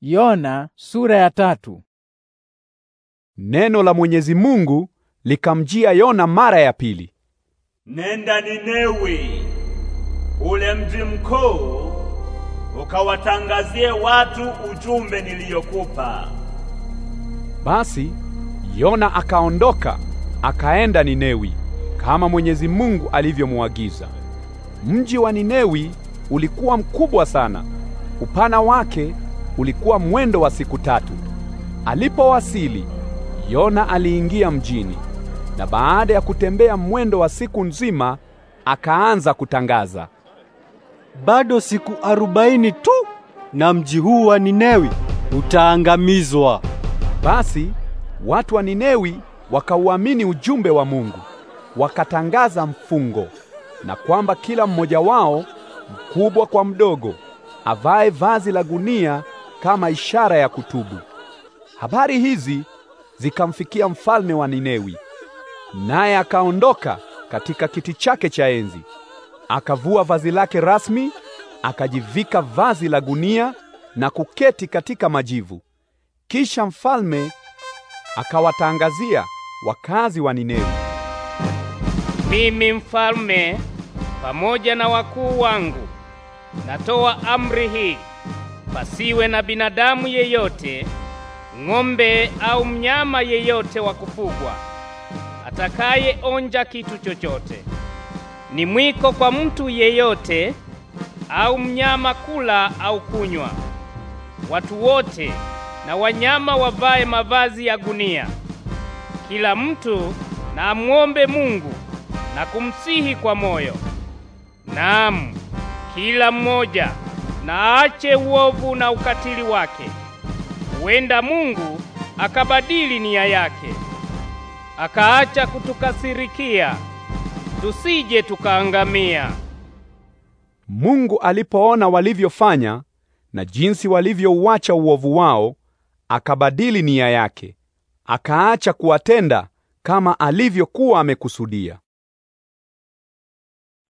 Yona sura ya tatu. Neno la Mwenyezi Mungu likamjia Yona mara ya pili. Nenda Ninewi, ule mji mkuu, ukawatangazie watu ujumbe niliyokupa. Basi Yona akaondoka akaenda Ninewi kama Mwenyezi Mungu alivyomwagiza. Mji wa Ninewi ulikuwa mkubwa sana, upana wake ulikuwa mwendo wa siku tatu. Alipowasili, Yona aliingia mjini na baada ya kutembea mwendo wa siku nzima akaanza kutangaza, bado siku arobaini tu na mji huu wa Ninewi utaangamizwa. Basi watu wa Ninewi wakauamini ujumbe wa Mungu, wakatangaza mfungo, na kwamba kila mmoja wao, mkubwa kwa mdogo, avae vazi la gunia kama ishara ya kutubu. Habari hizi zikamfikia mfalme wa Ninewi, naye akaondoka katika kiti chake cha enzi, akavua vazi lake rasmi, akajivika vazi la gunia na kuketi katika majivu. Kisha mfalme akawatangazia wakazi wa Ninewi, mimi mfalme pamoja na wakuu wangu natoa amri hii Pasiwe na binadamu yeyote, ng'ombe au mnyama yeyote wa kufugwa atakayeonja kitu chochote. Ni mwiko kwa mtu yeyote au mnyama kula au kunywa. Watu wote na wanyama wavae mavazi ya gunia. Kila mtu na amwombe Mungu na kumsihi kwa moyo. Naam, kila mmoja na aache uovu na ukatili wake. Huenda Mungu akabadili nia yake akaacha kutukasirikia tusije tukaangamia. Mungu alipoona walivyofanya na jinsi walivyouacha uovu wao, akabadili nia yake, akaacha kuwatenda kama alivyokuwa amekusudia.